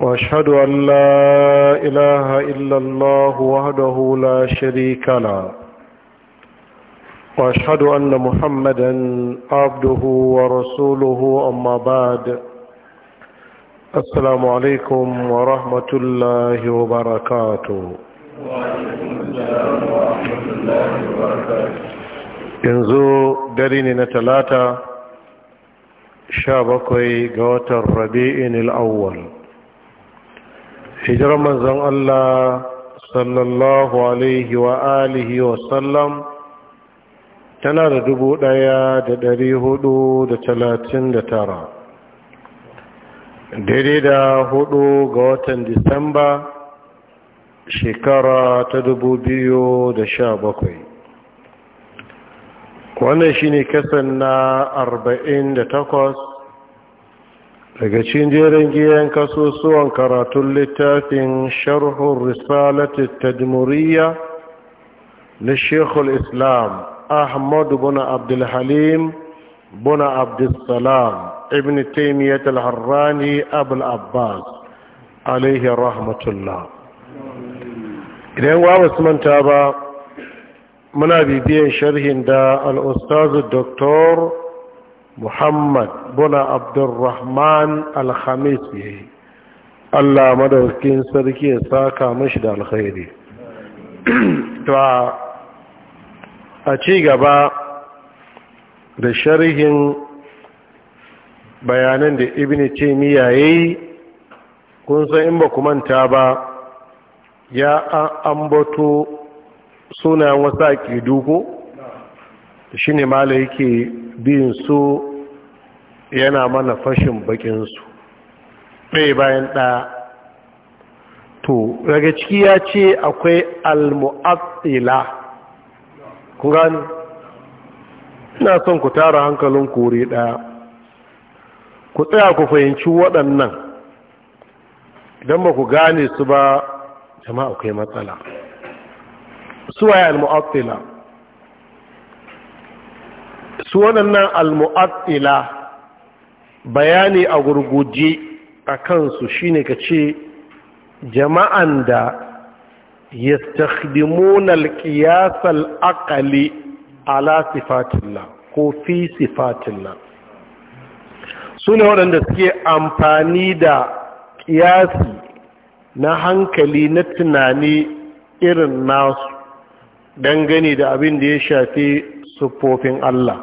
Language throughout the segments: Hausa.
واشهد ان لا اله الا الله وحده لا شريك له واشهد ان محمدا عبده ورسوله اما بعد السلام عليكم ورحمه الله وبركاته وعليكم السلام ورحمه الله وبركاته yanzu dare ne na talata 17 ga watan rabi'in hijirar manzan Allah sallallahu alaihi wa alihi wa sallam tana da dubu ɗaya da ɗari hudu da talatin da tara daidai da hudu ga watan disamba shekara ta dubu biyu da sha bakwai wannan shine kasan na arba'in da takwas daga cikin jerin giyan kasusuwan karatun littafin sharhun risalati tadmuriya na shekul islam ahmad buna abdulhalim buna abdulsalam ibn taimiyyat al-harrani abul abbas alaihi rahmatullah idan wa manta ba muna bibiyan sharhin da al-ustazu doktor muhammad buna abdurrahman alhamis ya allah madaukin sarki ya saka mashi da alkhairi a ci gaba da sharhin bayanan da ibn ya yayi kun san in ba ku manta ba ya ambato sunayen wasu aƙidu ko shi ne mala yake bin su yana mana fashin bakinsu ɗaya bayan ɗaya to daga ciki ya ce akwai almu'attila ku gani ina son ku tara hankalin kore ɗaya ku tsaya ku fahimci waɗannan idan ba ku gane su ba jama'a kai matsala suwaye almu'attila su waɗannan almu'attila bayani a gurguje a kansu shine ka ce jama'an da ya al-qiyas al ala sifatilla ko fi su ne waɗanda suke amfani da ƙiyasi na hankali na tunani irin nasu dangane da abin da ya shafi sufofin Allah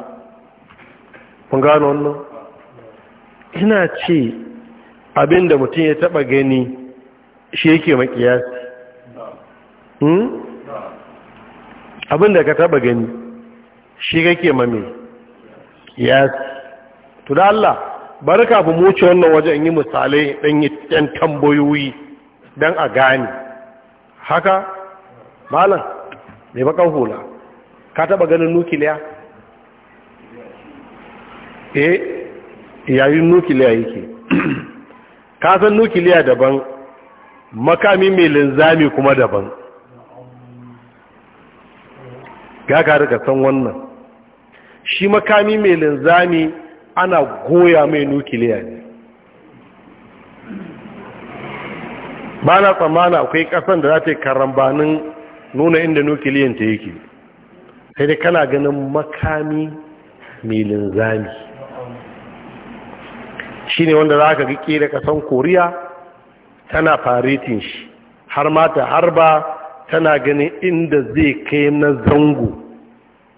kun gano wannan ina ce abin da mutum ya taba gani shi yake makiyasi hmm? abin da ka taba gani shi yake mame kiyasi to da Allah barka bu muci wannan wajen yi misalai ɗan yi ɗan tambayoyi don a gane haka malam mai bakan hula ka taba ganin nukiliya eh yayin nukiliya yake kasan nukiliya daban makami mai linzami kuma daban ga ka rika san wannan shi makami mai linzami ana goya mai nukiliya ne ba na tsammana akwai kasan da za ta yi karambanin nuna inda nukiliyanta yake sai dai kana ganin makami mai linzami Shi ne wanda za ka riƙe da ƙasan koriya tana faretin shi har mata har ba tana ganin inda zai kai na zango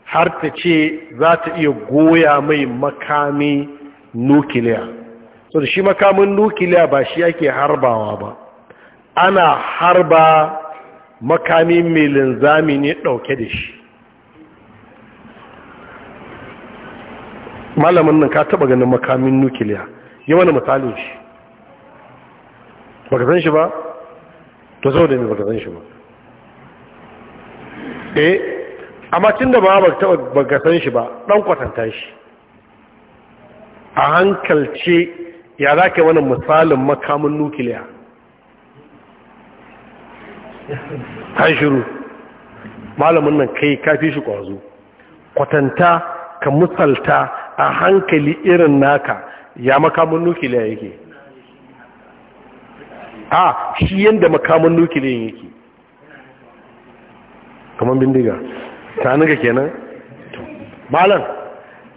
har ta ce za ta iya goya mai makami nukiliya so da shi makamin nukiliya ba shi ake harbawa ba ana harba makami mai linzami ne ɗauke da shi malamin nan ka taɓa ganin makamin nukiliya yi wani misalin shi baka san shi ba to zo da ne baka san shi ba eh amma cin da ba baka san shi ba dan kwatanta shi a hankalce ya za ka wani misalin makamin nukiliya kan shiru malamin nan kai kafi shi kwazo kwatanta ka misalta a hankali irin naka ya makamun nukiliya yake a shi yadda makamun nukiliyan yake kamar bindiga ta nuka kenan malam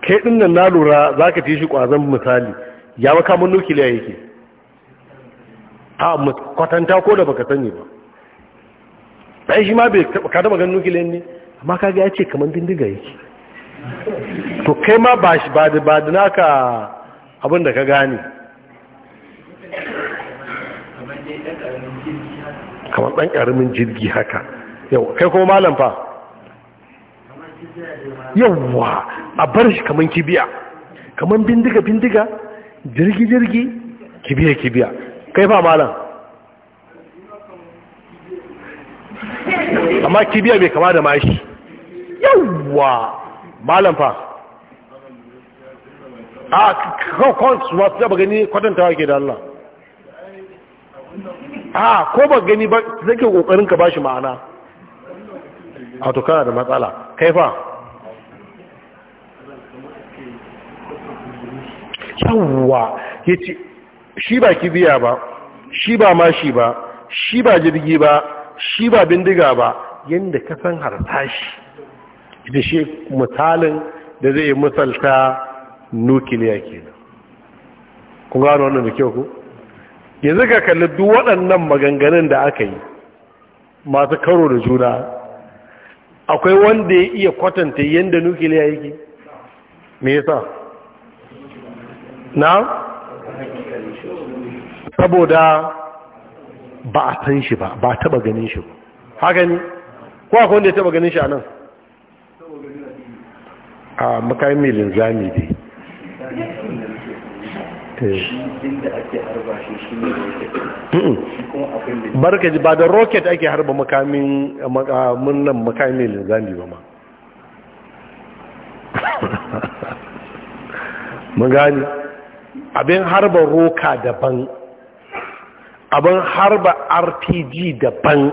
kai din nan na lura za ka fi shi ƙwazon misali ya makamun nukiliya yake a kwatanta ko da baka sani ba ɗan shi ma bai kada magan nukiliyan ne amma kaga ya ce kamar bindiga yake to kai ma ba ba da naka abin da ka gane kamar ɗan ƙaramin jirgi haka yau kai kuma malam fa Yawwa, a bar shi kamar kibiya kamar bindiga-bindiga jirgi-jirgi kibiya-kibiya kai fa malam amma kibiya bai kama da mashi Yawwa, malam fa a kawai ba gani kwatantawa ke da Allah a ko ba gani ba zake kokarin ka bashi ma'ana a to da matsala kai fa yawwa ce shi ba kibiya ba shi ba mashi ba shi ba jirgi ba shi ba bindiga ba yadda ka san harsashi da shi misalin da zai misalta nukiliya kenan kun gano wannan da kyau ku yanzu ka kalli duk waɗannan maganganun da aka yi masu karo da juna akwai wanda ya iya kwatanta yadda nukiliya yake me yasa na saboda ba a san shi ba ba taba ganin shi ba haka ne ko akwai wanda ya taba ganin shi a nan a makayin mai linzami dai Eh. barka ji ba da rocket ake harba makamin murnan makamin linzami ba ma magani abin harba roka daban abin harba rpg daban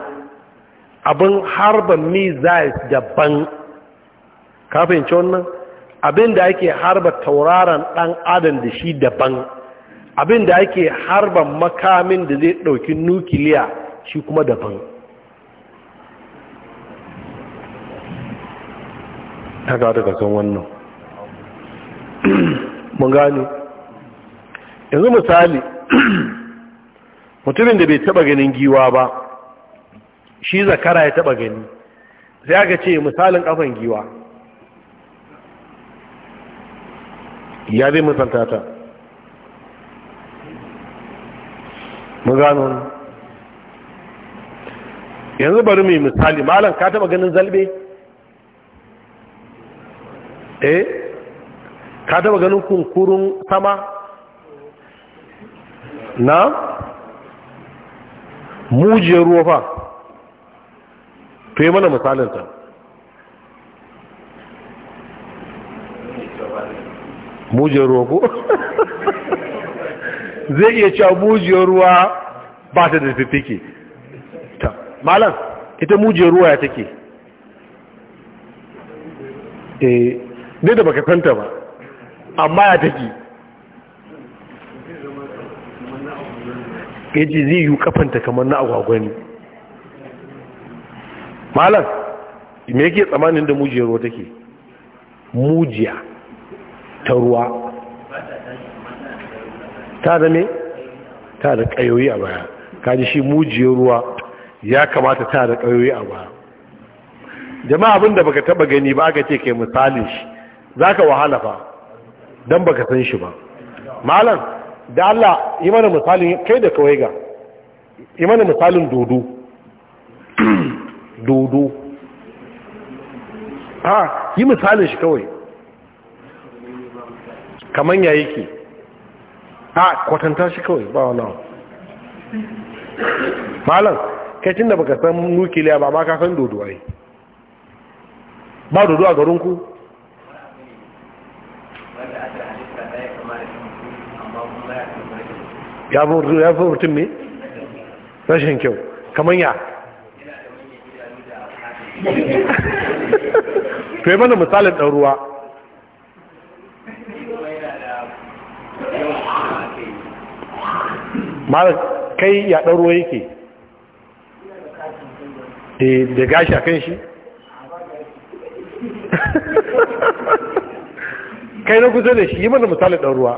abin harba missiles daban kafin wannan abin da ake harba tauraron dan adam da shi daban abin da ake harba makamin da zai ɗauki nukiliya shi kuma daban ta ga daga kan wannan mun gani yanzu misali mutumin da bai taba ganin giwa ba shi zakara ya taba gani sai aka ce misalin kafan giwa ya zai misalta ta mun gano yanzu bari mai misali malam ka taba ganin zalbe eh ka taba ganin kunkurun sama na mujiyar ruwa fa to mana misalinta mujiyar ruwa ko zai iya cewa mujiyar ruwa ba ta da fiffike ta malam ita mujiyar ruwa ya take eh ne da baka kanta ba amma ya take yaji zai yi kafanta kamar na agwagwani malam me yake tsamanin da mujiyar ruwa take mujiya ta ruwa ta da ne ta da ƙayoyi a baya kaji shi mujiyar ruwa ya kamata ta da ƙayoyi a baya jama'a abinda baka taba gani ba aka ce ke misalin shi za ka wahala fa dan baka san shi ba malam da Allah yi mana misalin kai da kawai ga yi mana misalin dodo dodo ha ah, yi misalin shi kawai kamar ya yake a kwatanta shi kawai ba wani malam kacin da baka san nukiliya ba ba ka san dodo ai ba dodo a garinku ya fi mutum ne rashin kyau kamar ya to yi mana misalin ɗan ruwa mara kai ya ɗan yake eh, da gashi a kan shi kai na kusa da shi yi mana misali ɗan ruwa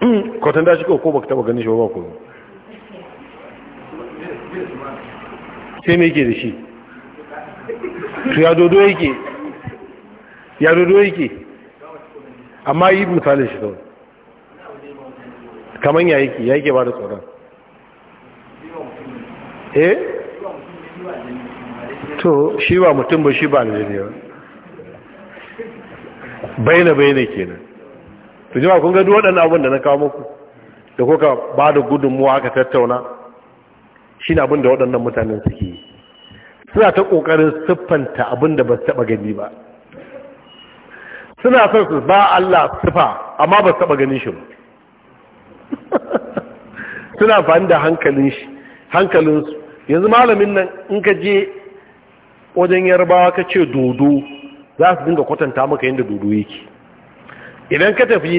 hmm, kwatan shi ko ba ka taba ganin shi ba ko sai mai ke da shi su ya dodo yake ya dodo yake amma yi misali shi kawai Kaman ya yake ya yake ba da tsoron eh to shi ba mutum ba shi ba jini ba baina baina kenan to jima kun ga duk waɗannan abin da na kawo muku da kuka ba da gudunmuwa aka tattauna shi na abin da waɗannan mutanen suke yi suna ta ƙoƙarin siffanta abin da ba su taɓa gani ba suna son su ba Allah siffa amma ba su taɓa ganin shi ba suna amfani da hankalin shi hankalinsu yanzu malamin nan in ka je wajen yarbawa ka ce dodo za su dinga kwatanta maka yadda dodo yake idan ka tafi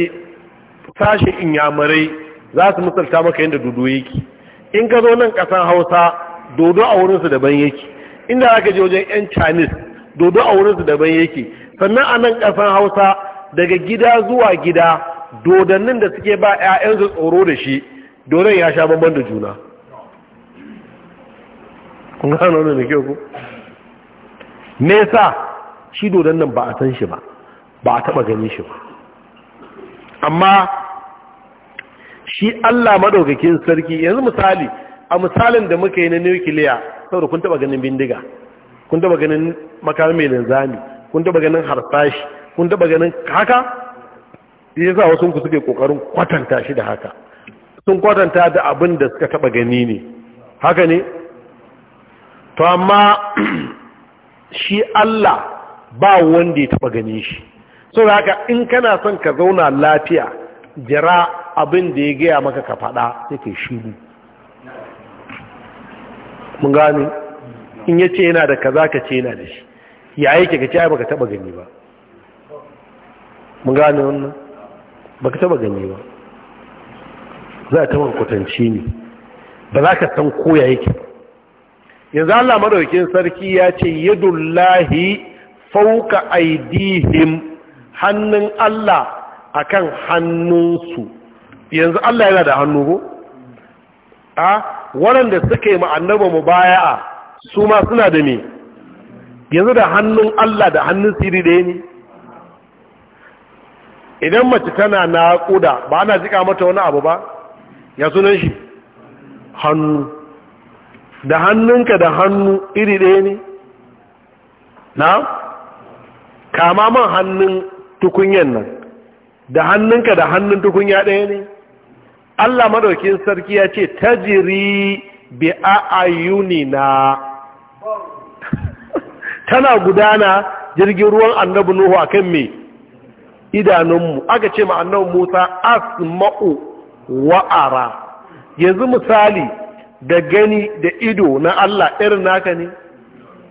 sashen inyamurai za su misalta maka yadda dodo yake in ka zo nan kasan hausa dodo a wurinsu daban yake inda za ka je wajen 'yan chinese dodo a wurinsu daban yake sannan a nan kasan hausa daga gida zuwa gida dodannin da suke ba 'ya'yansu tsoro da shi dodon ya sha bambam da juna kun gano ne da kyau ku me shi dodannin ba a san shi ba ba a taba gani shi ba amma shi Allah maɗaukakin sarki yanzu misali a misalin da muka yi na nukiliya saboda kun taba ganin bindiga kun taba ganin makamai linzami kun taba ganin harsashi kun taba ganin haka shi yasa wasu ku suke kokarin kwatanta shi da haka sun kwatanta da abin da suka taba gani ne haka ne to amma shi Allah ba wanda ya taba gani shi so haka in kana son ka zauna lafiya jira abin da ya gaya maka ka faɗa sai shiru mun gane in yace yana da kaza ka ce yana da shi ya yake ce ai baka taba gani ba mun gane wannan ba ka taba gani ba za a taba kwatanci ne ba za ka san koya yake yanzu allah madaukin sarki ya ce yadullahi fauka aidihim hannun allah akan hannunsu yanzu allah yana da hannu ko a waɗanda suka yi ma'annaba mu baya'a su ma suna da ne yanzu da hannun allah da hannun siri ya ne idan mace tana naƙuda ba ana jika mata wani abu ba ya sunan shi hannu da hannunka da hannu iri ɗaya ne na kama man hannun tukunyan nan da hannunka da hannun tukunya ɗaya ne Allah maɗaukin sarki ya ce tajiri bi a'ayuni na tana gudana jirgin ruwan annabi nuhu a kan me idanunmu aka ce ma'annan musa asma'u wa'ara yanzu misali da gani da ido na allah irin naka ne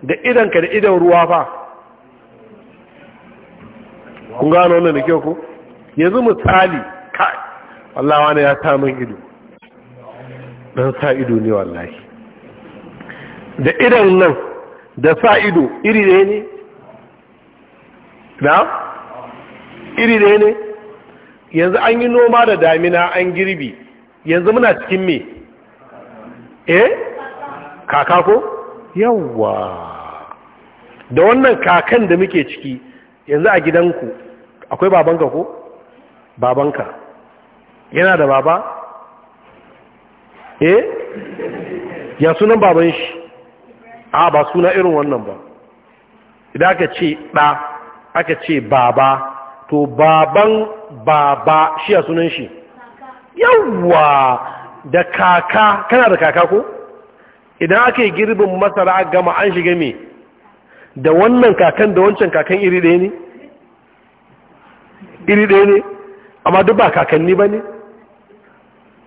da idanka da idan ruwa fa kun gano wannan da kyau ku yanzu misali kai wallawa ne ya samun ido dan sa ido ne wallahi da idan nan da sa ido iri ne ne na iri ɗaya ne yanzu an yi noma da damina an girbi yanzu muna cikin me eh kaka ko yawwa da wannan kakan da muke ciki yanzu a gidanku akwai babanka ko babanka yana da baba eh ya sunan baban shi a ba suna irin wannan ba idan aka ce ɗa aka ce baba to baban baba shi a sunan shi yawwa da kaka kana da kaka ko idan aka yi girbin masara a gama an shiga me da wannan kakan da wancan kakan iri ɗaya ne iri ɗaya ne amma duk ba kakanni ba ne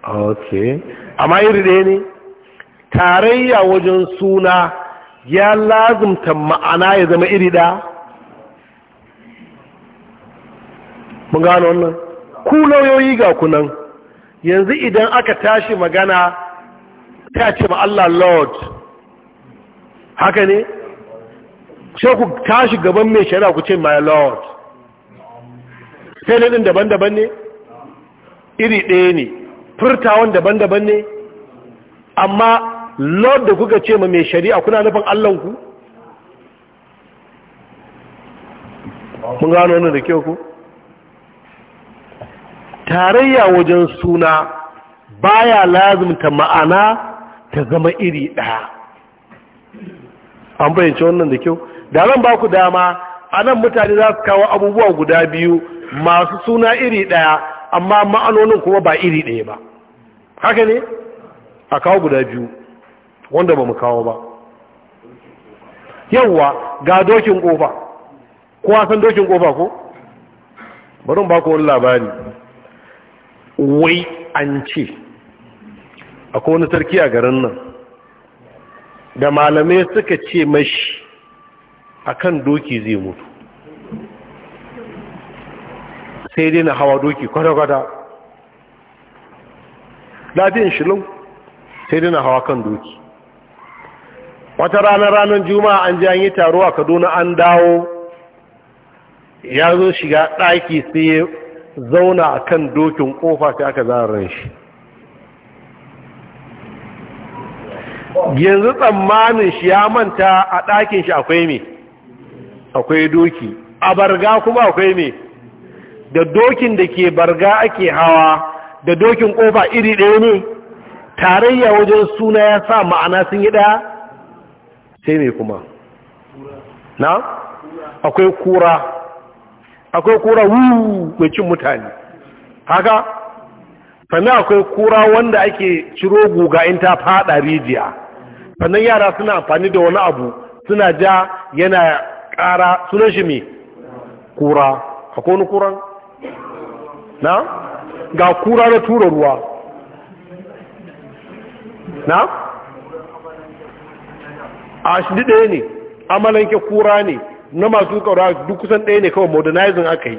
ok amma iri ɗaya ne tarayya wajen suna ya lazumta ma'ana ya zama iri ɗaya mun gano wannan ku lauyoyi ga kunan yanzu idan aka tashi magana ta ce ma Allah lord haka ne sai ku tashi gaban mai shari'a ku ce my lord sai ɗin daban-daban ne iri ɗaya ne furtawan daban-daban ne amma lord da kuka ce ma mai shari'a kuna nufin allahnku mun gano wannan da kyau ku tarayya wajen suna baya lazimta ma'ana ta zama iri ɗaya an bayyance wannan da kyau da zan ba ku dama a nan mutane za su kawo abubuwa guda biyu masu suna iri ɗaya amma ma'anonin kuma ba iri ɗaya ba haka ne a kawo guda biyu wanda ba mu kawo ba yauwa ga dokin kofa Kuwa san dokin ƙofa ko barin ba ku wani labari wai an ce akwai wani sarki a garin nan da malamai suka ce mashi akan doki zai mutu sai dai na hawa doki kwata-kwata lafiyan shilin sai dai na hawa kan doki wata ranar ranar juma'a an ji an yi taro a kaduna an dawo ya zo shiga ɗaki sai zauna a kan dokin kofa sai aka zarar shi yanzu tsammanin shi ya manta a ɗakin shi akwai me akwai doki a barga kuma akwai me da dokin da ke barga ake hawa da dokin kofa iri ɗaya ne tarayya wajen suna ya sa ma'ana sun yi ɗaya sai me kuma na akwai kura akwai kura wuu mai cin mutane haka sannan akwai kura wanda ake ciro guga in ta fada rijiya sannan yara suna amfani da wani abu suna ja yana kara sunan shi mai kura akwai wani kuran na ga kura na tura ruwa na a shi ɗaya ne amalanke kura ne na masu kaura duk kusan ɗaya ne kawai modernizing aka yi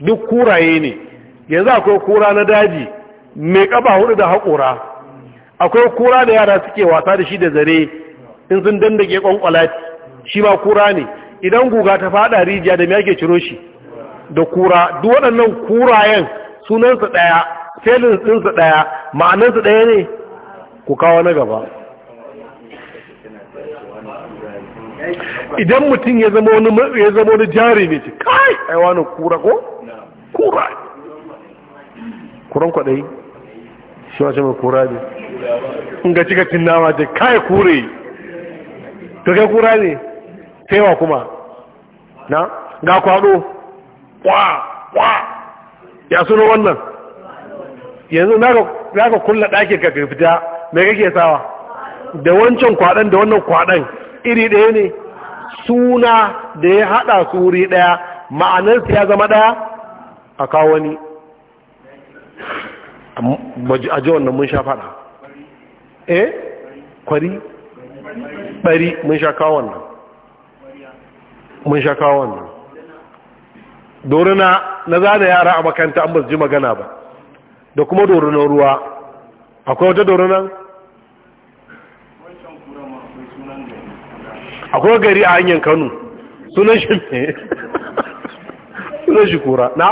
duk kuraye ne yanzu akwai kura na daji mai ƙaba hudu da haƙura akwai kura da yara suke wasa da shi da zare in sun dandake ƙwanƙwalati shi ma kura ne idan guga ta faɗa rijiya da me ciro shi da kura duk waɗannan kurayen sunansa ɗaya felin ɗinsa ɗaya ma'anansa ɗaya ne ku kawo na gaba idan mutum ya zama wani ya zama wani jari ne ce kai ai wani kura ko kura kuran kwadai shi wace mai kura ne in ga cika tinawa ce kai kure to kai kura ne taiwa kuma na ga kwado kwa kwa ya suna wannan yanzu za ka kulla ɗakin ka fita mai kake sawa da wancan kwaɗan da wannan kwaɗan iri ɗaya ne suna da ya haɗa su wuri ɗaya ma'anarsa ya zama ɗaya a kawo wani a ji wannan mun sha faɗa eh kwari bari mun sha kawo wannan mun sha kawo wannan doruna na zana yara a makanta an ba su ji magana ba da kuma dorunan ruwa akwai wata dorunan akwai gari a hanyar kano sunan shi sunan shi kura na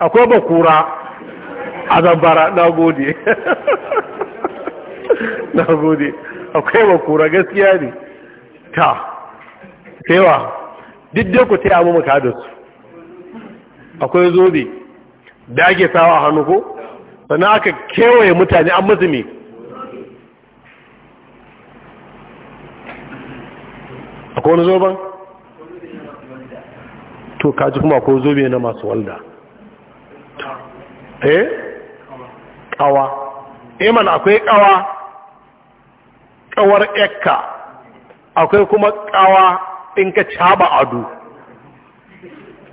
akwai bakura a zambara na gode na gode akwai bakura gaskiya ne ta tewa duk dai ku taya mu da su akwai zobe da ake sawa hannu ko sannan aka kewaye mutane an mazumi akwai wani zoben? to kaji kuma akwai zobe na masu walda eh? kawa iman eh akwai kawa kawar ekka akwai kuma kawa in ka caba ado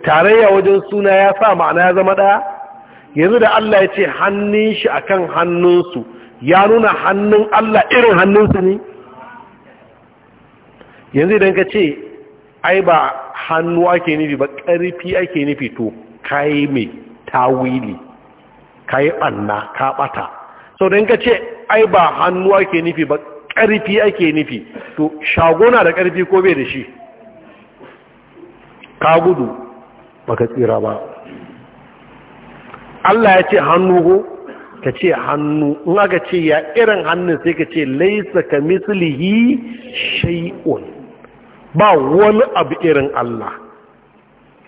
tarayya wajen suna ya sa ma'ana ya zama daya yanzu da Allah ya ce hannun shi akan hannunsu ya nuna hannun Allah irin hannunsu ne yanzu idan ka ce ai ba hannu ake nufi ba ƙarfi ake nufi to kayi mai tawili kayi ɓanna ka ɓata sau da ka ce ai ba hannu ake nufi ba ƙarfi ake nufi to shagona da ƙarfi ko bai da shi ka gudu baka tsira ba Allah ya ce hannu ko ka ce hannu in aka ce ya irin hannun sai ka ce laisa ka mislihi shay'un ba wani abu irin Allah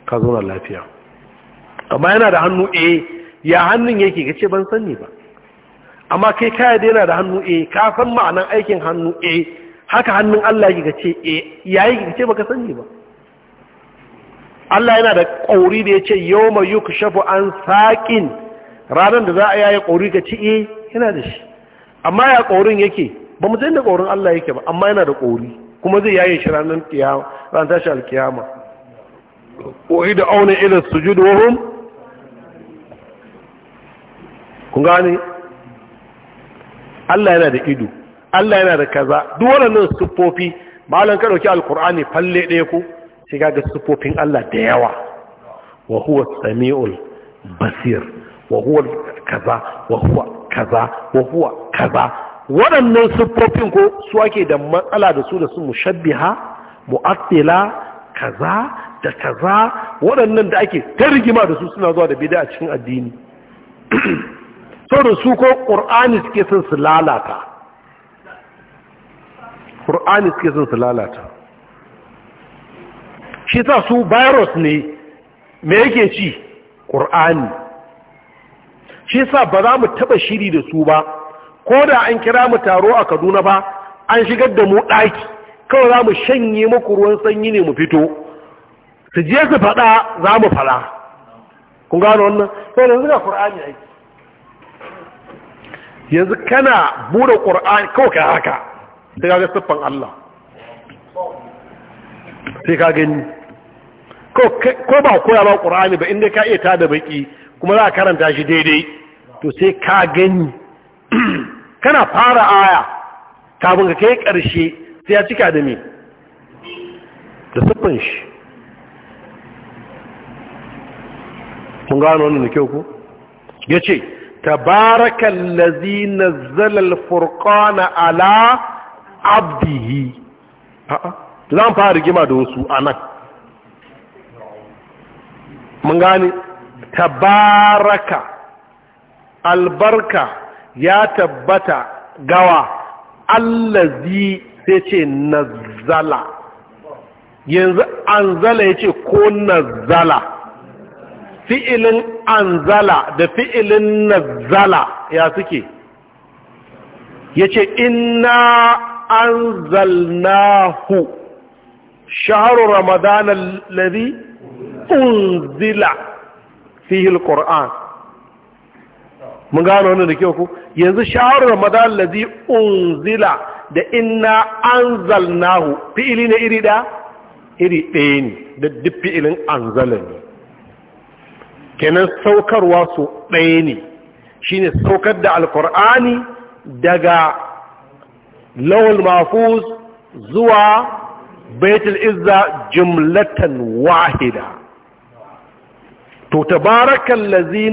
ka zo na lafiya amma yana da hannu eh ya hannun yake ka ce ban sani ba amma kai kaya da yana da hannu eh ka san ma'anan aikin hannu eh haka hannun Allah yake ka ce eh yi ka ce baka sani ba Allah yana da ƙauri da ya ce yau mai yi shafu an saƙin ranar da za a yaya ƙauri ka ci eh yana da shi amma ya ƙaurin yake ba mu da ƙaurin Allah yake ba amma yana da ƙauri kuma zai yaye shi ranar kiyama ran tashi alkiyama ko ida auna ila sujud wa hum kun gane Allah yana da ido Allah yana da kaza duk wannan sufofi. malan ka dauki alqur'ani falle ɗaya ku sai kaga sufofin Allah da yawa wa huwa samiul basir wa huwa kaza wa huwa kaza wa huwa kaza waɗannan siffofin ko su ake da matsala da su da su mushabbiha mu'attila kaza da kaza waɗannan da ake ta rigima da su suna zuwa da bid'a cikin addini da su ko ƙur'ani suke son su lalata ƙur'ani suke son su lalata shi sa su virus ne me yake ci ƙur'ani shi sa ba za mu taɓa shiri da su ba ko da an kira mu taro a kaduna ba an shigar da mu ɗaki kawai za mu shanye muku ruwan sanyi ne mu fito su je su faɗa za mu faɗa kun gano wannan sai yanzu ga ƙur'ani aiki yanzu kana buɗe ƙur'ani kawai ka haka sai ka ga siffan Allah sai ka gani ko ba koya ba ƙur'ani ba inda ka iya da baki kuma za a karanta shi daidai to sai ka gani kana fara aya kafin ka kai ƙarshe sai ya cika da me da siffin shi kun gano wannan da kyau ku ya ce tabarakan lazi na zalal furkana ala abdihi a'a za mu fara rigima da wasu a nan mun gane tabaraka albarka ya tabbata gawa allazi sai ce nazzala yanzu anzala ya ce ko nazzala fi'ilin anzala da fi'ilin nazzala ya suke ya ce inna hu? shaharu ramadana allazi unzila fihil qur'an mun gano wannan da kyau ku yanzu shahar ramadan ladhi unzila da inna anzalnahu fi'ili ne iri da iri ɗaya ne da duk fi'ilin anzala ne kenan saukarwa su ɗaya ne shine saukar da alkur'ani daga lawal mafuz zuwa baitul izza jumlatan wahida to tabarakan lazi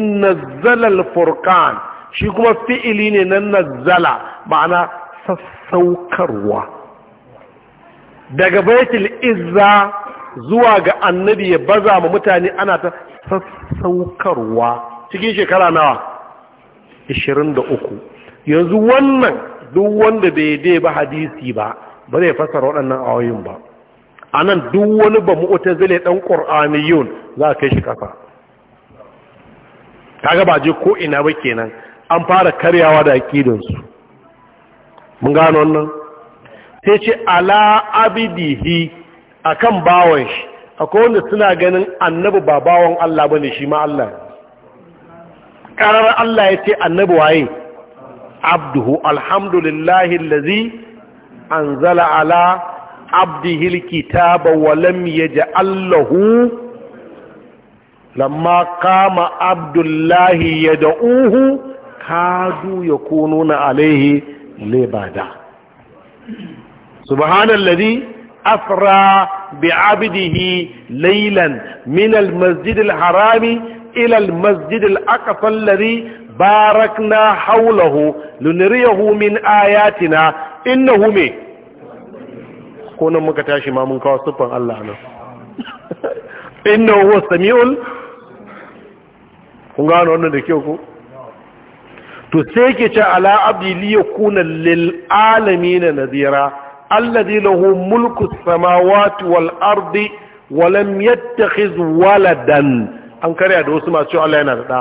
furkan shi kuma fi'ili ne na nazzala ma'ana sassaukarwa daga baitul izza zuwa ga annabi ya baza ma mutane ana ta sassaukarwa cikin shekara nawa 23 yanzu wannan duk wanda bai dai ba hadisi ba ba zai fassara waɗannan ayoyin ba anan duk wani ba ɗan dan qur'aniyun za ka kai shi kafa kaga ba je ko ina ba kenan an fara karyawa da aqidansu mun gano wannan sai ce ala abidihi akan bawon shi akwai wanda suna ganin annabi ba bawon Allah bane shi ma Allah karar Allah ya ce annabi waye abduhu alhamdulillahi allazi anzala ala abdihi alkitaba wa lam yaj'al lahu lamma kama abdullahi ya da'uhu kadu ya kono na alaihi lebada subhanallazi asra bi abdihi laylan min almasjid alharami ila almasjid alaqsa alladhi barakna hawlahu lunriyahu min ayatina innahu me ko nan muka tashi ma mun kawo sufan Allah nan innahu huwas samiul kun gano wannan da kyau ko to sai ke ce ala abdi li yakuna lil alamin nadira alladhi lahu mulku samawati wal ardi wa lam yattakhiz waladan an karya da wasu masu Allah yana da da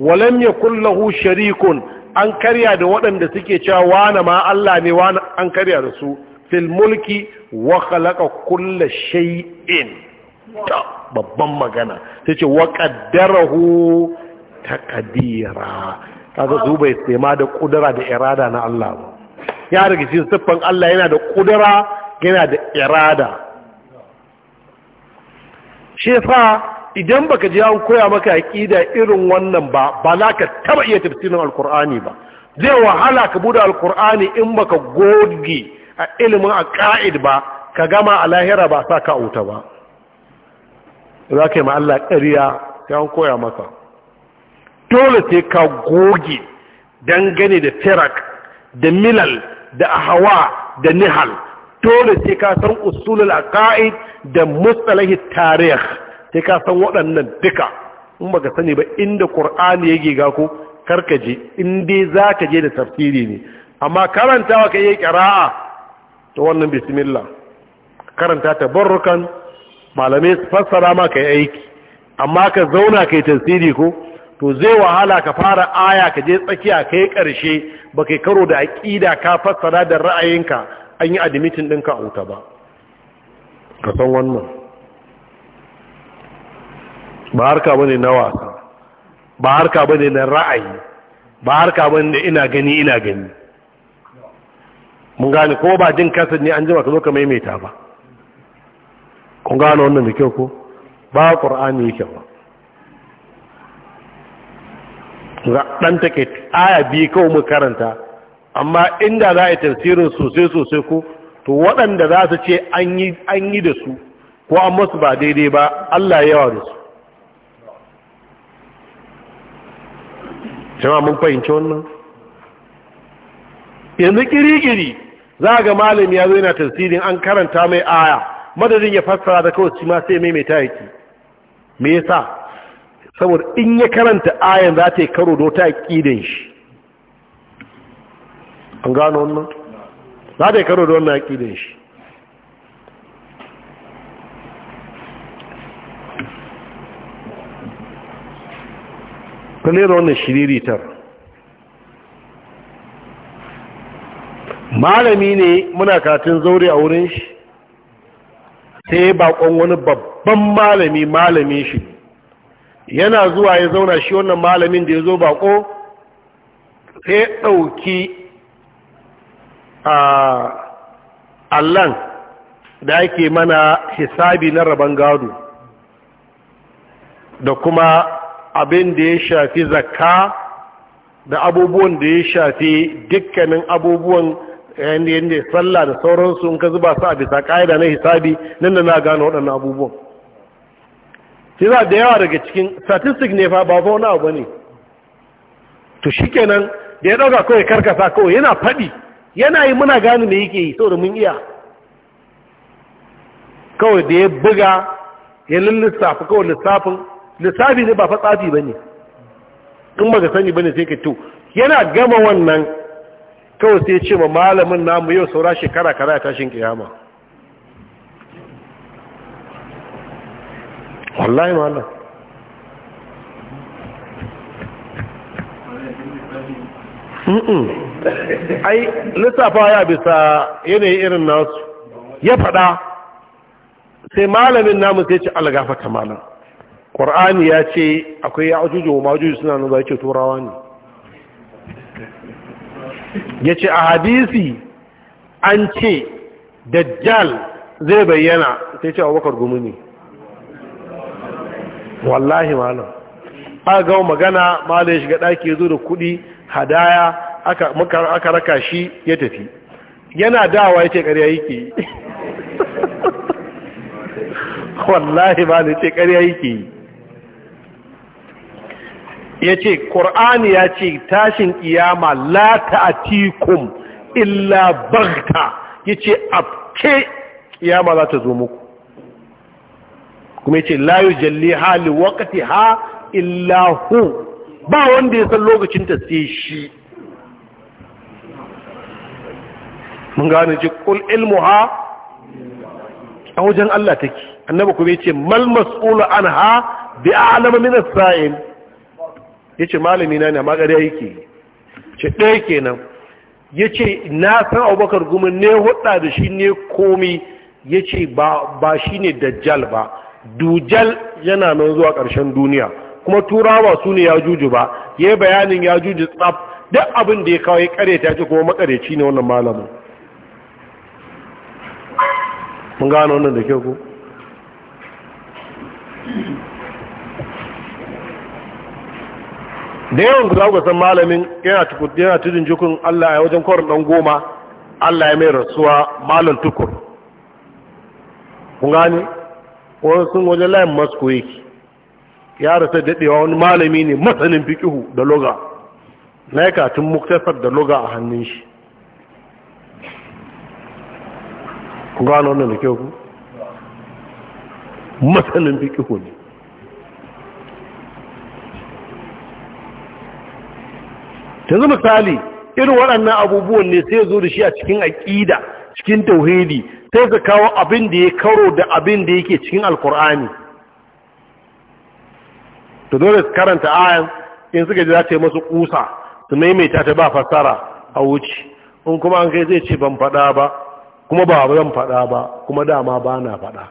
wa lam yakul lahu sharikun an karya da waɗanda suke cewa wana ma Allah ne wana an karya da su fil mulki wa khalaqa kulla shay'in babban magana sai ce wa qaddarahu ta kaga su bai sema da kudura da irada na Allah ba ya daga shi, siffan Allah yana da kudura yana da irada shi fa idan baka ji an koya maka aƙida irin wannan ba ba za ka taba iya tafsirin alkur'ani ba zai wahala ka bude alkur'ani in baka goge a ilimin a aqaid ba ka gama a lahira ba sa ka ba za ka yi ma Allah ƙarya ta an koya maka dole sai ka goge dangane da firak da milal da ahawa da nihal dole sai ka san usulul aqaid da mustalahi tarih sai ka san waɗannan duka in baka sani ba inda qur'ani yake ga ko karkaje in dai zaka je da tafsiri ne amma karantawa kai yi a to wannan bismillah karanta tabarrukan malamai fassara maka aiki amma ka zauna kai tafsiri ko to zai wahala ka fara aya ka je tsakiya ka yi ƙarshe ba kai karo da aƙida ka fassara da ra'ayinka an yi admitin ɗinka a wuta ba ka san wannan ba harka bane na wasa ba harka bane na ra'ayi ba harka bane da ina gani ina gani mun gane ko ba jin kasar ne an ji ka zo ka maimaita ba kun gane wannan da kyau ko ba ƙur'ani yake ba ɗan take aya biyu kawai mu karanta amma inda za a yi tafsirin sosai sosai ko to waɗanda za su ce an yi da su ko an masu ba daidai ba Allah yawa da su jama mun fahimci wannan yanzu kirikiri za ga malami ya zo yana tafsirin an karanta mai aya madadin ya fassara da kawai shi ma sai maimaita yake me yasa saboda in ya karanta ayan za ta yi karo da wata aƙidan shi an gano wannan za ta yi karo da wannan aƙidan shi kulera wannan shiriritar malami ne muna katin zaure a wurin shi sai bakon wani babban malami malami shi yana zuwa ya zauna shi wannan malamin da ya zo bako sai ɗauki a allan da ake mana hisabi na rabon gado da kuma abin da ya shafi zakka da abubuwan da ya shafi dukkanin abubuwan yadda sallah da sauransu in ka zuba su a bisa ƙa'ida na hisabi nan da na gano waɗannan abubuwan shi za da yawa daga cikin statistic ne fa ba fauna ba ne to shikenan da ya ɗauka kawai karkasa kawai yana faɗi yana yi muna gane me yake yi saboda mun iya kawai da ya buga ya lissafi kawai lissafin lissafi ne ba fatsafi ba ne in ba ka sani ba ne sai ka to yana gama wannan kawai sai ce ma malamin namu yau saura shekara kara ya tashin kiyama wallahi malam ai lissafa ya bisa yanayi irin nasu ya faɗa sai malamin namu sai ce algafata malam ƙwar'ani ya ce akwai ya ajuju wa majuju suna nan ya ce turawa ne ya ce a hadisi an ce dajjal zai bayyana sai ce abubakar gumi ne wallahi malam aka gama magana malam ya shiga ɗaki ya zo da kuɗi hadaya aka raka shi ya tafi yana dawa ya ce ƙarya yake wallahi malam ya ce ƙarya yake ya ce ƙor'ani ya ce tashin ƙiyama la ta'atikum illa bagta ya ce afke ƙiyama za ta zo muku kuma yace la yujalli hali waqtiha illa hu ba wanda ya san lokacin ta sai shi mun gane ji kul ilmuha a wajen Allah take annabi kuma yace mal mas'ulu anha bi a'lam min as-sa'il yace malami na ne amma gari yake ce ɗaya kenan ce na san Abubakar gumin ne hudda da shi ne komi Ya ce ba shi ne dajjal ba dujal yana nan zuwa ƙarshen duniya kuma turawa su ne ya juju ba ya yi bayanin ya juju tsaf duk abin da ya kawo ya ta ce kuma makareci ne wannan malamin mun gano wannan da ke ku da yawan ku za ku san malamin yana tudun jikin allah ya wajen kwarin ɗan goma allah ya mai rasuwa malam tukur kun gane wani sun waje layin masko yake ya rasa daɗewa wani malami ne masanin fikihu da loga na yi katin muktasar da loga a hannun shi ku gano wannan da kyau ku masanin fikihu ne yanzu misali irin waɗannan abubuwan ne sai zo da shi a cikin aƙida cikin tauhidi sai ka kawo abin da ya karo da abin da yake cikin alkur'ani to dole su karanta ayan in suka ji za ta masu kusa su maimaita ta ba fasara a wuce in kuma an kai zai ce ban faɗa ba kuma ba zan faɗa ba kuma dama ba na faɗa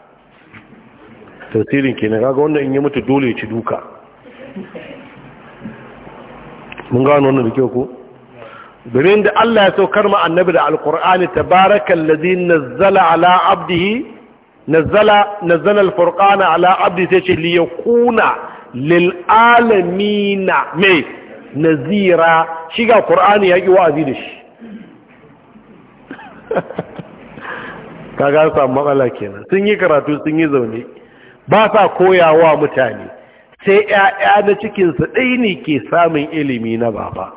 tasirin kenan kaga wannan in yi mutu dole ya ci duka mun gano wannan da kyau ko domin da Allah ya saukar ma annabi da alkur'ani tabarakal lazi nazzala ala abdihi nazzala nazzala alfurqana ala abdi sai ce liyakuna lil alamina me nazira shi ga qur'ani ya ki wa'azi da shi kaga samu matsala kenan sun yi karatu sun yi zaune ba sa koyawa mutane sai 'ya'ya na su ɗai ne ke samun ilimi na baba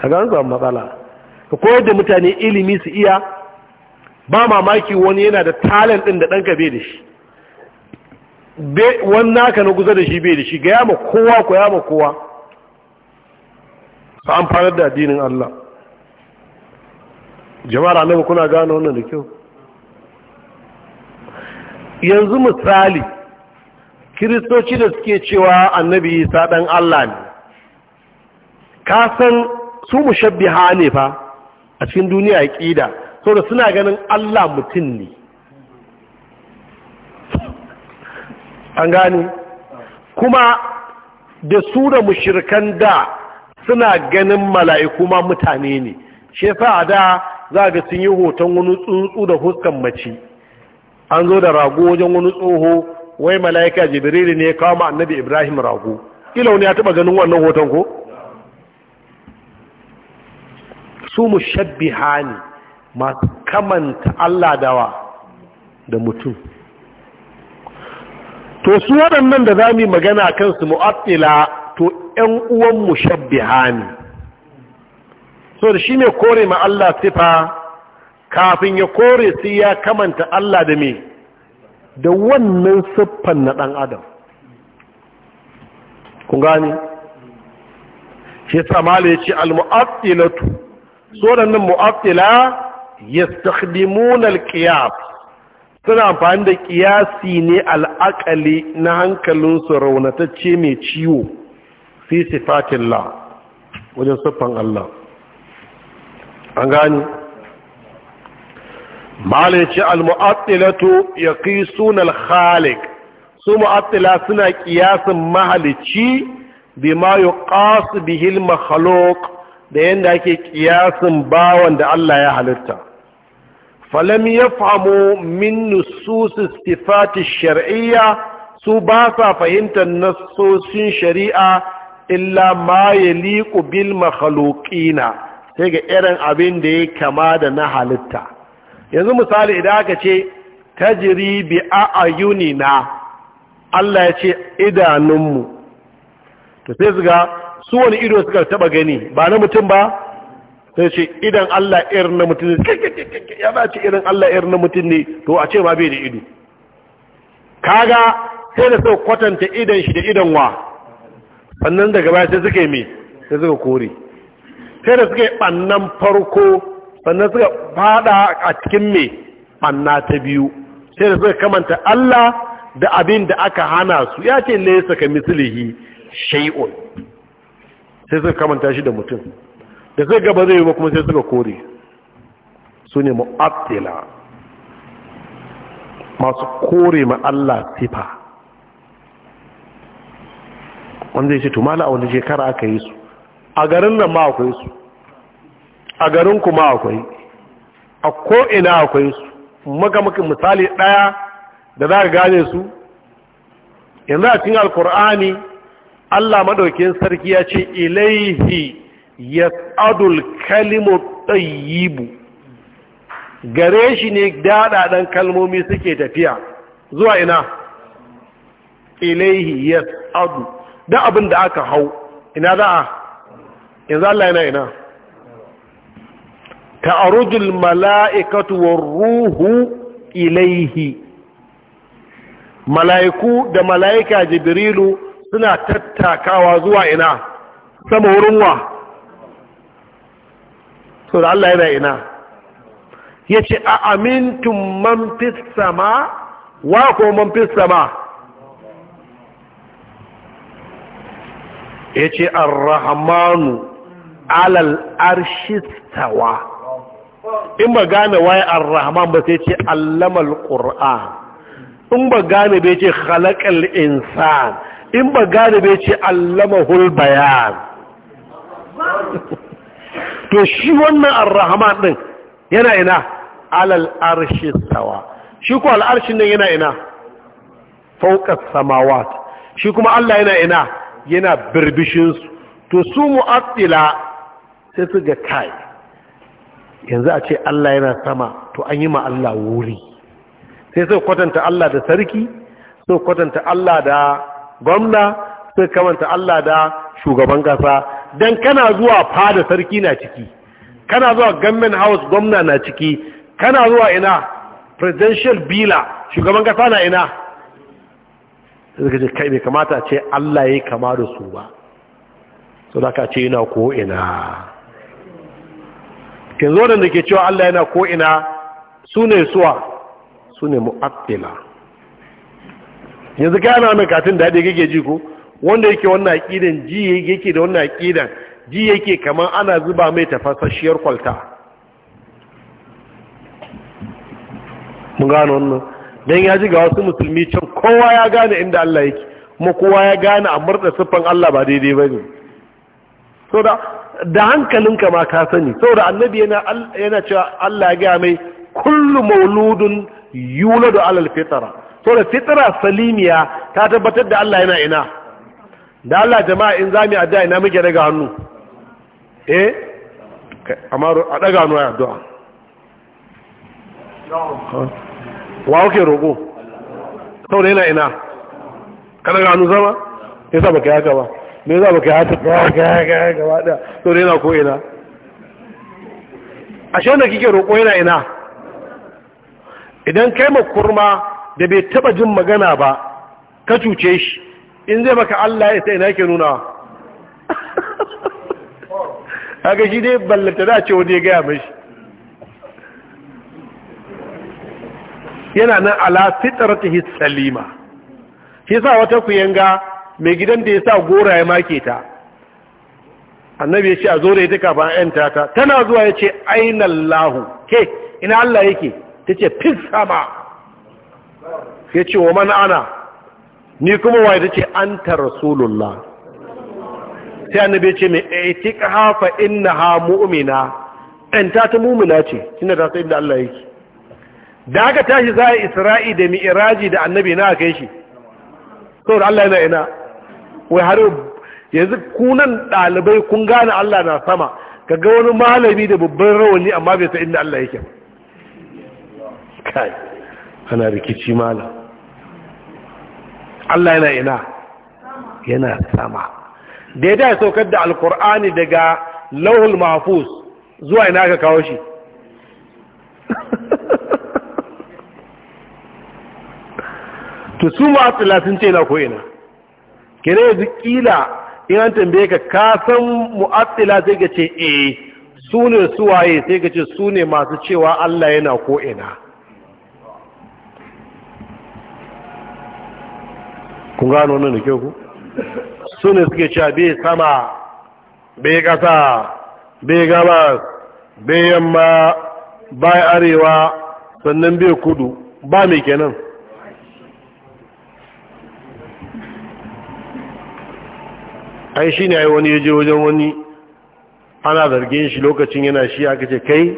ka gano samu matsala ka koyar da mutane ilimi su iya ba mamaki wani yana da talent din da ɗanka bai da shi wani naka na guza da shi bai da shi ga yama kowa ko yama kowa ka amfanar da addinin Allah jama'ar annabi kuna gane wannan da kyau yanzu misali kiristoci da suke cewa annabi isa dan Allah ne ka san su mu mushabbiha ne fa a cikin duniya ya ƙida saboda suna ganin Allah mutum ne an gani? kuma da su da mushirkan da suna ganin mala'iku ma mutane ne shi a da za ga sun yi hoton wani tsuntsu da huskan mace an zo da rago wajen wani tsoho wai mala'ika jibrilu ne ya kawo ma annabi ibrahim rago Ilau ne ya taba ganin wannan hoton ko su mushabbiha ne ma kamanta Allah dawa da mutum to su waɗannan da za mu magana kansu mu'attila to ‘yan uwan shabbi ne so da shi ne kore ma Allah sifa kafin ya kore sai ya kamanta Allah da me da wannan siffan na ɗan adam kun gani shi samali ya ce al-mu'attilatu su waɗannan mu'abtila yastakhdimun al suna amfani da kiyasi ne al'akali na hankalin su raunatacce mai ciwo fi sifatillah wajen siffan Allah an gani malice al ya yaqisuna al-khaliq su mu'attila suna qiyasin mahalici bima yuqas bihi al-makhluq da yadda ake kiyasin bawan da Allah ya halitta falam ya famo min nususis tifati shari'a su ba sa fahimtar nasosin shari'a illa ma ya liƙu bil makhalukina sai ga irin abin da ya kama da na halitta yanzu misali idan aka ce tajiri bi a na Allah ya ce idanunmu to sai su su wani ido suka taba gani ba na mutum ba sai ce idan Allah irin na mutum ne ya ba ce idan Allah irin na mutum ne to a ce ma bai da ido kaga sai da sau kwatanta idan shi da idan wa sannan daga baya sai suka yi me sai suka kore sai da suka yi ɓannan farko sannan suka fada a cikin me ɓanna ta biyu sai da suka kamanta Allah da abin da aka hana su ya ce laisa ka mislihi shay'un sai suka kamanta shi da mutum da suka gaba zai yi kuma sai suka kore su ne mu'attila masu kore ma Allah sifa wanda ya ce tumala a wani shekara aka yi su a garin nan ma akwai su a garin kuma akwai a ko'ina akwai su makamakin misali ɗaya da za a gane su yanzu a cikin alkur'ani Allah madaukin sarki ya ce ilaihi yas'adul kalimu ɗayibu. gare shi ne daɗaɗen kalmomi suke tafiya zuwa ina ilaihi yas'adu da abin da aka hau ina za a yanzu Allah yana ina ta'arujul mala'ikatu war ruhu ilaihi mala'iku da mala'ika jibrilu suna tattakawa zuwa ina sama wurin wa so da Allah yana ina ya ce a amintun man fi sama wa ko man fi sama ya ce arrahamanu alal arshistawa in ba gane waye arrahman ba sai ce allamal qur'an in ba gane bai ce khalaqal insan in ba gane bai ce allama bayan to shi wannan arrahman din yana ina alal arshi tsawa shi ko al'arshin nan yana ina fauqas samawat shi kuma Allah yana ina yana birbishin su to su mu'attila sai su ga kai yanzu a ce Allah yana sama to an yi ma Allah wuri sai sai kwatanta Allah da sarki sai kwatanta Allah da gwamna sai kamanta Allah da shugaban kasa don kana zuwa fada sarki na ciki kana zuwa government house gwamna na ciki kana zuwa ina presidential bila shugaban kasa na ina zaka ce kai bai kamata ce Allah ya yi kama da su ba Sau da ka ce yana ko ina zo da ke cewa Allah yana ko ina su ne suwa su ne mu'abdila yanzu kai ana wannan katin da kake ji ko wanda yake wannan aƙidan ji yake da wannan aƙidan ji yake kaman ana zuba mai tafasashiyar kwalta mun gane wannan dan ya ji ga wasu musulmi can kowa ya gane inda Allah yake kuma kowa ya gane a murda siffan Allah ba daidai ne. saboda da hankalinka ma ka sani saboda annabi yana cewa Allah ya gaya mai kullum mauludun da alal fitra da fitra salimiya ta tabbatar da Allah yana ina da Allah jama'a in za mu addu'a ina muke daga hannu eh amma a daga hannu ya addu'a wa roko roƙo da yana ina ka daga hannu sama ya baka yi haka ba me za baka kai haka ba ga gaba da da yana ko ina ashe wanda kike roƙo yana ina idan kai makurma da bai taba jin magana ba ka cuce shi in zai maka Allah ya sai na ke nuna haka shi dai ballata da ce wani ya gaya mashi yana nan ala his salima shi sa wata kuyanga mai gidan da ya sa gora ya make ta annabi ya ce a zo da ita kafin ‘yan tata tana zuwa ya ce ainihin lahu ke ina Allah yake ta ce fi sama ya ce wa man ana ni kuma wa ta ce an ta rasulullah sai annabi ce mai aitika hafa inna ha mu'mina ɗan ta ta mumina ce shine ta sai da Allah yake da aka tashi za a isra'i da mi'iraji da annabi na kai shi saboda Allah yana ina wai har yanzu kunan ɗalibai kun gane Allah na sama ka ga wani malami da babban rawani amma bai sai inda Allah yake kai ana rikici malam Allah yana ina yana sama da ya saukar da alkur'ani daga lauhul mafus zuwa ina ka kawo shi to su ma'atila sun ce na ko ina kere yanzu kila an tambaye ka kasan mu'attila sai ka ce eh su ne suwaye sai ka ce su ne masu cewa Allah yana ko ina kun gano wannan da kyau ku su ne suke cewa bai sama bai ƙasa bai gabas bai yamma bai arewa sannan bai kudu ba mai kenan ai shi ne ai wani ya je wajen wani ana zargin shi lokacin yana shi aka ce kai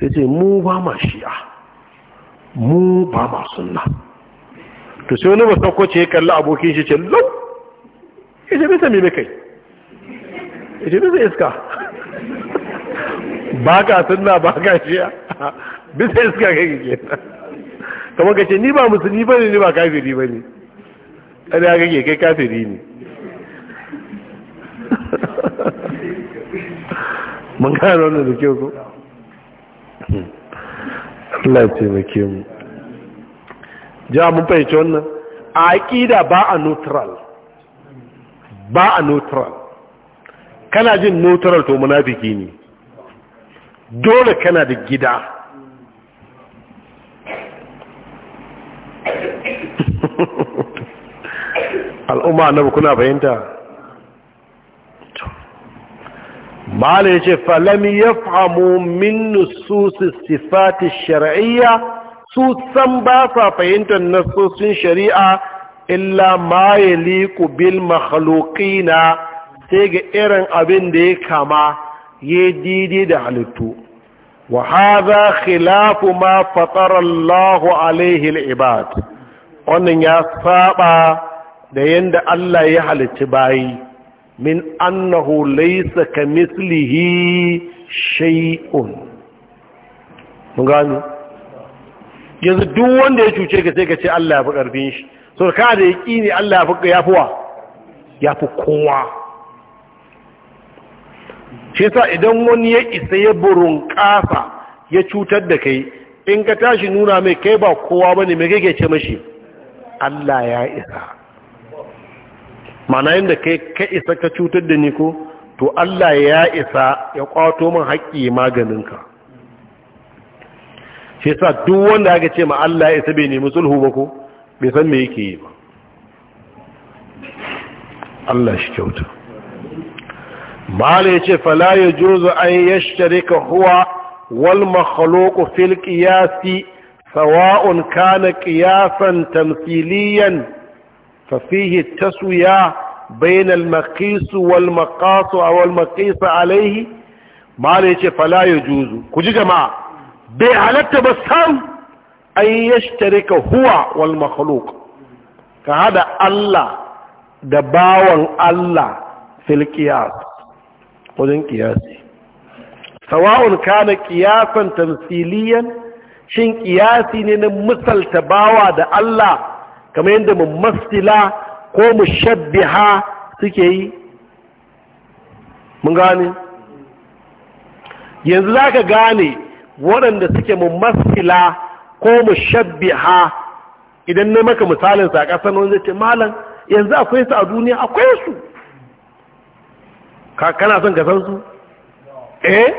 ya ce mu ba ma shi'a mu ba ma sunna to sai wani basauko kwace ya kalli abokin shi ce lau ya ce bisa mime kai ya ce bisa iska ba ka suna ba ka shiya bisa iska kai ke kama ka ce ni ba musulmi ba ne ni ba kafiri ba ne ɗan ya gage kai kafiri ne mun gano wannan da kyau ko hmm. Allah ce mu ja mun fahimci wannan a aƙida ba a neutral ba a neutral kana jin neutral to munafiki ne dole kana da gida al'umma annabi kuna fahimta mala yace falam yafhamu min nusus sifati shar'iyya su san ba sa fahimtar nasosin shari'a illa ma ya liku bil makhluqina sai ga irin abin da ya kama ya didi da halittu wa haza khilafu ma fatara Allah alaihi al-ibad wannan ya saba da yanda Allah ya halitta bayi min annahu laysa kamithlihi shay'un mun gano yanzu duk wanda ya cuce ka sai ka ce Allah ya fi ƙarfin shi so ka da ne Allah ya fi ya fi kowa shi sa idan wani ya isa ya burin ƙasa ya cutar da kai in ka tashi nuna mai kai ba kowa ba ne mai kake ce mashi Allah ya isa mana yadda kai ka isa ka cutar da ni ko to Allah ya isa ya kwato min haƙƙi maganinka shi duk wanda aka ce ma Allah ya isa bai nemi sulhu ba ko bai san me yake yi ba Allah shi kyauta mala yace fala yajuzu an yashtarika huwa wal makhluq fil qiyasi sawa'un kana qiyasan tamthiliyan fa fihi taswiya بين المقيس والمقاس او المقيس عليه ما لا يجي فلا Ku ji jama'a. bai halatta ba sam an ka huwa wal makhluk ka hada Allah da bawan Allah fil wajen sawa'un kana kiyasan tamsiliyan shin kiyasi ne na misalta bawa da Allah kamar yadda mastila ko mu mushabbiha suke yi mun gane yanzu za ka gane waɗanda suke mu masila ko mu shabbiha idan na maka misalin sa ƙasar wanzu ce malam yanzu akwai su a duniya akwai su kana son ka san su eh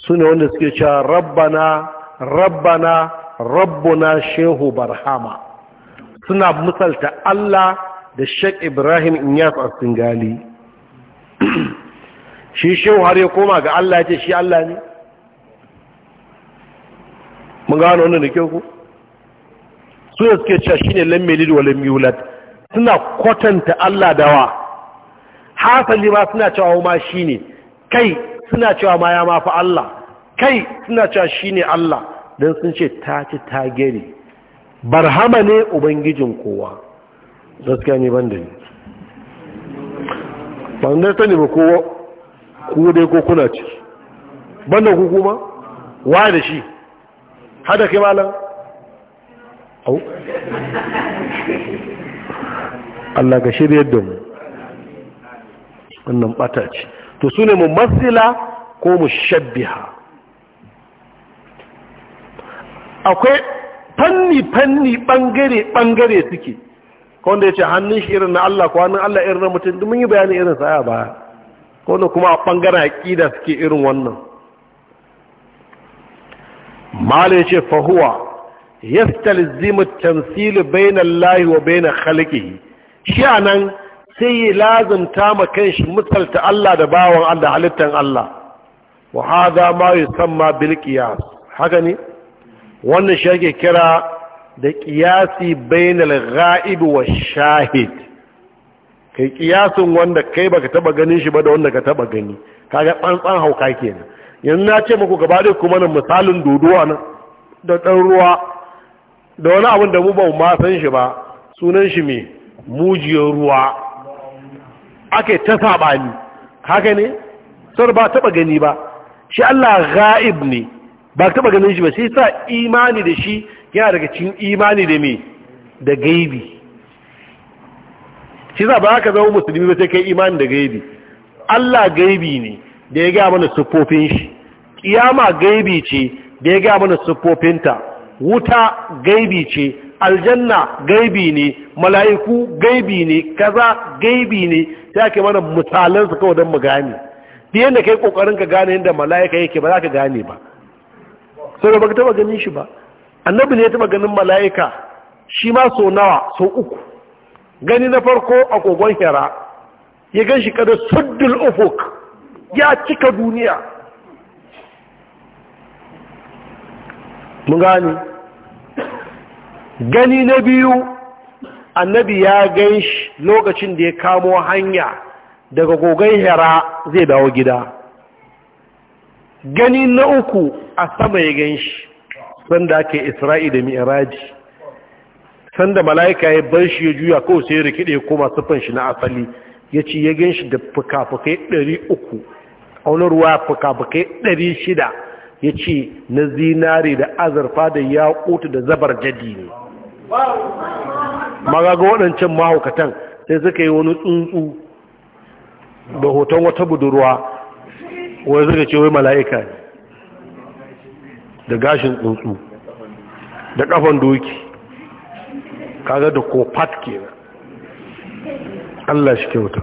su ne wanda suke cewa rabbana rabbana rabbuna shehu barhama suna misalta Allah da Sheikh Ibrahim Inyas singali, shi shehu har ya koma ga Allah ya ce shi Allah ne mun gano wannan da kyau ku su da suke cewa shine lam yalid wa lam yulad suna kwatanta Allah da wa hasali ma suna cewa ma shine kai suna cewa ma ya ma fa Allah kai suna cewa shine Allah dan sun ce ta ci ta gere barhama ne ubangijin kowa gaskiya ne ban da ni ban ta ne ba kowa ko dai ko kuna ci ban da ku kuma wa da shi hada kai malam au Allah ka shirya da mu wannan bata ce to su ne masila ko mu shabbiha. akwai fanni-fanni bangare-bangare suke wanda ya ce hannun shi irin na Allah ko hannun Allah irin na mutum mun yi bayanin irin sa'a ba baya wanda kuma a bangaren aƙida suke irin wannan mala ya ce fahuwa yastalzimu tamsilu bainan layi wa bainan khalqihi shi anan sai yi lazimta ma kanshi mutalta Allah da bawan Allah halittan Allah wa hada ma yusamma bil haka ne wannan shi ake kira da ƙiyasi bainal ra'ibi wa shahid kai qiyasin wanda kai baka taba ganin shi ba da wanda ka taba gani kaga tsantsan hauka kenan yanzu na ce muku gaba dai kuma nan misalin doduwa nan da ɗan ruwa da wani abin da mu ba ma san shi ba sunan shi mai mujiyar ruwa ake ta saɓani haka ne sar ba taɓa gani ba shi Allah ga'ib ne ba taɓa ganin shi ba sai sa imani da shi yana daga cikin imani da mai da gaibi shi za ba ka zama musulmi ba sai kai imani da gaibi Allah gaibi ne da ya gaya mana siffofin shi kiyama gaibi ce da ya gaya mana siffofinta wuta gaibi ce aljanna gaibi ne mala'iku gaibi ne kaza gaibi ne ta ke mana misalan su kawai don mu gane da yadda kai kokarin ka gane yadda mala'ika yake ba za ka gane ba sau da baka taba ganin shi ba annabi ne ya taba ganin mala'ika shi ma sau nawa sau uku gani na farko a kogon hira ya gan shi kada suddul ufuk ya cika duniya mun gani gani na biyu annabi ya gan lokacin da ya kamo hanya daga gogon hera zai dawo gida gani na uku a sama ya gan shi sanda ke isra'i da mi'raji sanda mala'ika ya bar shi ya juya kawai sai rikide kuma sufan shi na asali ya ci ya gan shi da fuka-fukai uku. aunarwa wani fuka ɗari shida ya ce na zinari da azurfa da yaƙutu da zabar jadi ne magaga waɗancan mahaukatan sai suka yi wani tsuntsu da hoton wata budurwa wani suka ce wai mala'ika ne da gashin tsuntsu da ƙafan doki kaga da kofat ba. Allah shi kyauta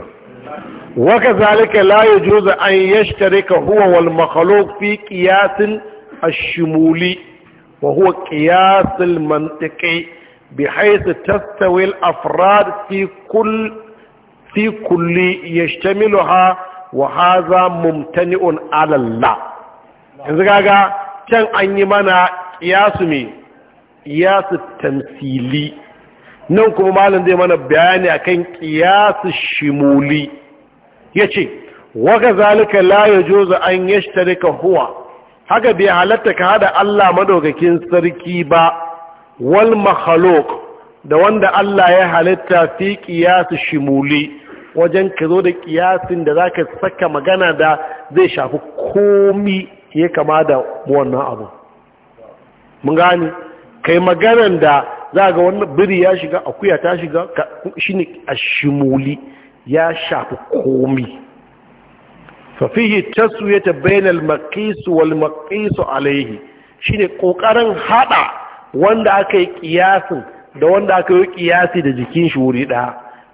waka zalika la yajuzu an yashtarika huwa wal makhluq fi qiyas ash-shumuli wa huwa qiyas al-mantiqi al afrad fi kull fi kulli yashtamiluha wa hadha mumtani'un ala Allah yanzu kaga can an yi mana kiyasu me kiyasu tamsili nan kuma malam zai mana bayani akan kiyasu shimuli Ya ce wa zalika la yajuzu an yashtarika huwa haka bai halatta ka hada Allah madaukakin sarki ba wal makhluq da wanda Allah ya halitta fi kiyasu shimuli wajen ka zo da kiyasin da zaka saka magana da zai shafi komi ya kama da wannan abu mun gani kai maganan da za ga wani biri ya shiga akuya ta shiga shi ne a shimuli. ya shafi komi fafihi taswiyata bainal maqis wal maqis alayhi shine kokarin hada wanda aka yi ƙiyasin da wanda aka yi kiyasi da jikin shi wuri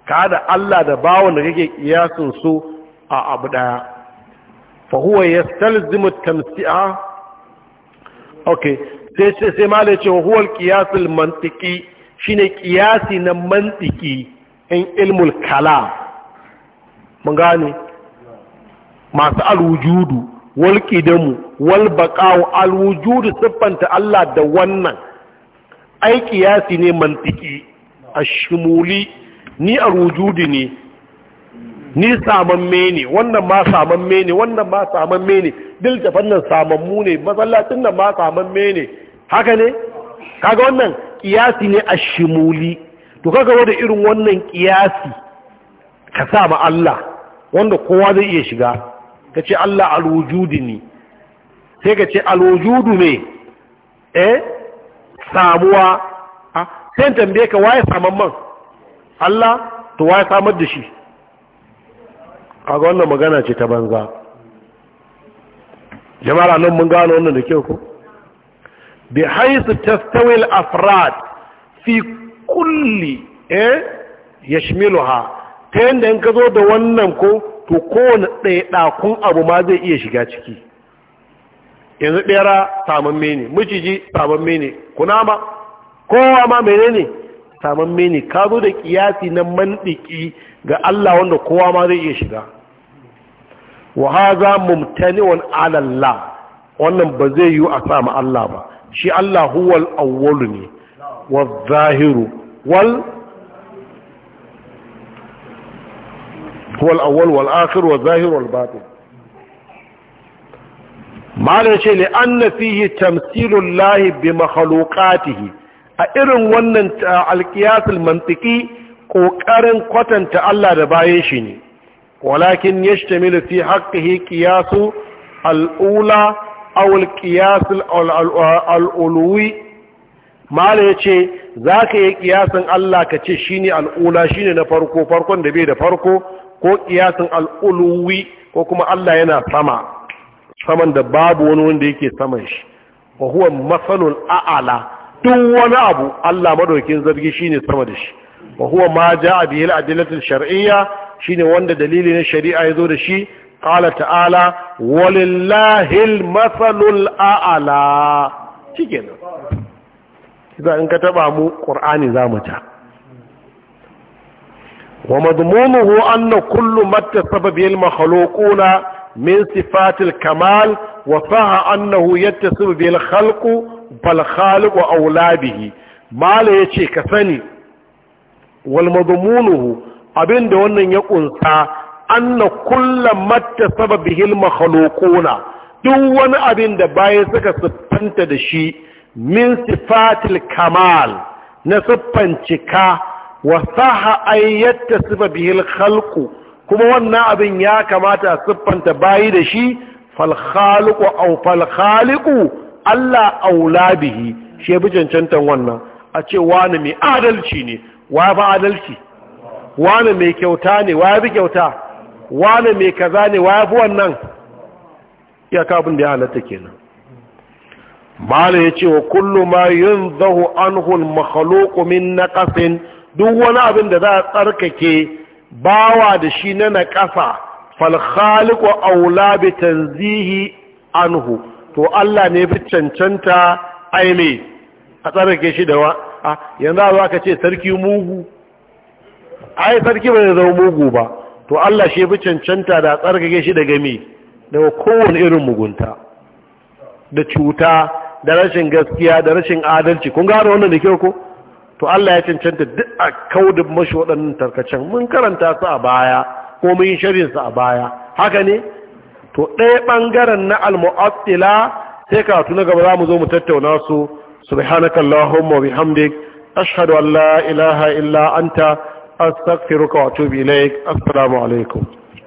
ka da Allah da bawon da kake kiyasin su a abu ɗaya. fa huwa yastalzimu tamsi'a okay sai sai sai mala ce huwa al qiyas al mantiqi shine kiyasi na mantiki in ilmul kalam mun gane masu alwujudu wal qidamu wal baqa'u alwujudu siffanta Allah da wannan ai kiyasi ne mantiki ashmuli ni alwujudi ne ni samamme ne wannan ma samamme ne wannan ma samamme ne dil da fannin samammu ne masallacin nan ma samamme ne haka ne kaga wannan kiyasi ne ashmuli to kaga wanda irin wannan kiyasi ka sa ma Allah wanda kowa zai iya shiga ka ce Allah alwujudi ne sai ka ce alwujudu ne eh samuwa ah, sai tambaye ka waye saman man. Allah to waye samar da shi kaga wannan magana ce ta banza jama'a nan mun gano wannan da kyau ko bi haisu al afrad fi kulli eh yashmiluha ta yadda in ka zo da wannan ko to kowane ɗakun abu ma zai iya shiga ciki yanzu ɓera samamme ne miciji samamme ne kunama kowa ma mene ne samamme ne ka zo da ƙiyasi na mandiki ga Allah wanda kowa ma zai iya shiga wa haza mumtani'un wani alalla. wannan ba zai yiwu a sama Allah ba shi Allah huwal awwalu ne wal zahiru wal هو الأول والآخر والظاهر والباطن malam ce ne an na fiye tamsilun lahi bi makhalukatihi a irin wannan alkiyasul mantiki ƙoƙarin kwatanta Allah da bayan shi ne walakin ya shtamilu fi haƙƙihi ƙiyasu al'ula awul ƙiyasul al'ulwi malam ya ce za ka yi ƙiyasun Allah ka ce shi ne al'ula shi ne na farko farkon da bai da farko ko kiyasin al'uluwi ko kuma Allah yana sama saman da babu wani wanda yake saman shi wa huwa masalul a'ala duk wani abu Allah madaukin zargi shine sama da shi wa huwa ma jaa bihi al-adillatu shar'iyya shine wanda dalili na shari'a ya zo da shi qala ta'ala walillahi al a'ala shikenan idan ka taba mu qur'ani zamu ta wa madmumuhu anna kullu mattasaba bil makhluquna min sifatil kamal wa saha annahu yattasibu bil khalqu bal khaliqu aulabihi mala yace ka sani wal abinda wannan ya kunsa anna kullu mattasaba bihil makhluquna duk wani abin da baya suka siffanta da shi min sifatil kamal na siffan cika wasaha an sifa bihil khalqu kuma wannan abin ya kamata a siffanta bayi da shi fal khaliqu aw fal khaliqu Allah aula bihi shi ya bi cancantan wannan a ce wani mai adalci ne wa ba adalci wani mai kyauta ne wa ya bi kyauta wani mai kaza ne wa ya fi wannan iyaka abin da halatta kenan mala ya ce wa kullu ma yunzahu anhu al-makhluqu min duk wani abin da za a tsarkake bawa da shi na na naƙasa falkhaliku aula bi tanzihi anhu to Allah ne fi cancanta aime a tsarkake shi da wa yanzu za ka ce sarki mugu ai sarki bai zama mugu ba to Allah shi fi cancanta da tsarkake shi daga me daga kowane irin mugunta da cuta da rashin gaskiya da rashin adalci kun gano wannan da kyau ko to Allah ya cancanta duk a kaudin mashi waɗannan tarkacen mun karanta su a baya ko mun yi shirin su a baya haka ne to ɗaya ɓangaren na al-mu'attila sai ka tuna gaba za mu zo mu tattauna su subhanaka allahumma bihamdik ashhadu an la ilaha illa anta astaghfiruka wa atubu ilaik assalamu alaikum